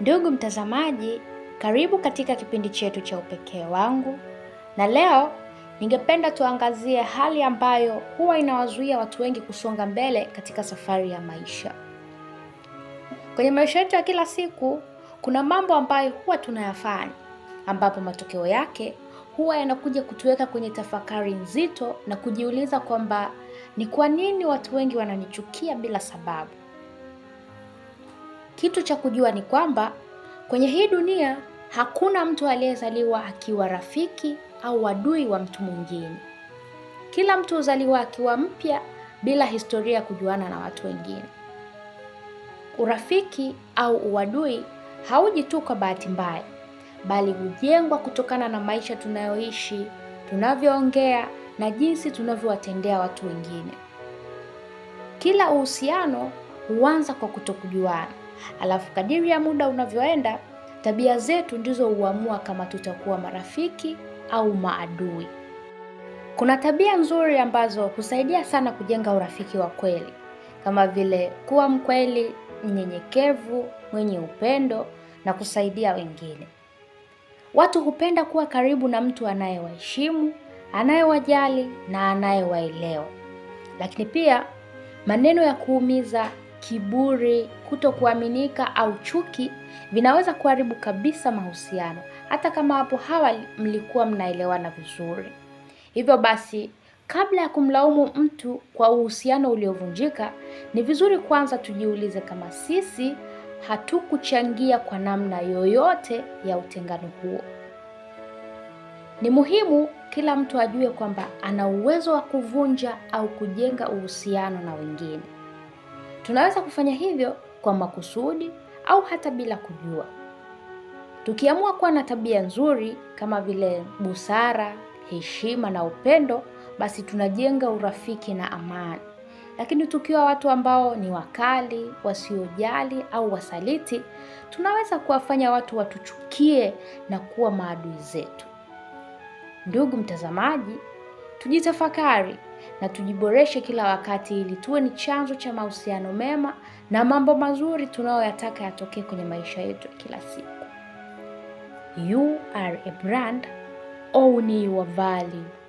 Ndugu mtazamaji, karibu katika kipindi chetu cha Upekee wangu, na leo ningependa tuangazie hali ambayo huwa inawazuia watu wengi kusonga mbele katika safari ya maisha. Kwenye maisha yetu ya kila siku kuna mambo ambayo huwa tunayafanya, ambapo matokeo yake huwa yanakuja kutuweka kwenye tafakari nzito na kujiuliza kwamba ni kwa nini watu wengi wananichukia bila sababu. Kitu cha kujua ni kwamba kwenye hii dunia hakuna mtu aliyezaliwa akiwa rafiki au adui wa mtu mwingine. Kila mtu huzaliwa akiwa mpya bila historia ya kujuana na watu wengine. Urafiki au uadui hauji tu kwa bahati mbaya, bali hujengwa kutokana na maisha tunayoishi, tunavyoongea na jinsi tunavyowatendea watu wengine. Kila uhusiano huanza kwa kutokujuana. Alafu kadiri ya muda unavyoenda, tabia zetu ndizo huamua kama tutakuwa marafiki au maadui. Kuna tabia nzuri ambazo husaidia sana kujenga urafiki wa kweli, kama vile kuwa mkweli, mnyenyekevu, mwenye upendo na kusaidia wengine. Watu hupenda kuwa karibu na mtu anayewaheshimu, anayewajali na anayewaelewa. Lakini pia maneno ya kuumiza kiburi, kutokuaminika au chuki vinaweza kuharibu kabisa mahusiano, hata kama hapo awali mlikuwa mnaelewana vizuri. Hivyo basi, kabla ya kumlaumu mtu kwa uhusiano uliovunjika, ni vizuri kwanza tujiulize kama sisi hatukuchangia kwa namna yoyote ya utengano huo. Ni muhimu kila mtu ajue kwamba ana uwezo wa kuvunja au kujenga uhusiano na wengine. Tunaweza kufanya hivyo kwa makusudi au hata bila kujua. Tukiamua kuwa na tabia nzuri kama vile busara, heshima na upendo, basi tunajenga urafiki na amani. Lakini tukiwa watu ambao ni wakali, wasiojali au wasaliti, tunaweza kuwafanya watu watuchukie na kuwa maadui zetu. Ndugu mtazamaji, tujitafakari na tujiboreshe kila wakati ili tuwe ni chanzo cha mahusiano mema na mambo mazuri tunayoyataka yatokee kwenye maisha yetu ya kila siku. You are a brand, own your value.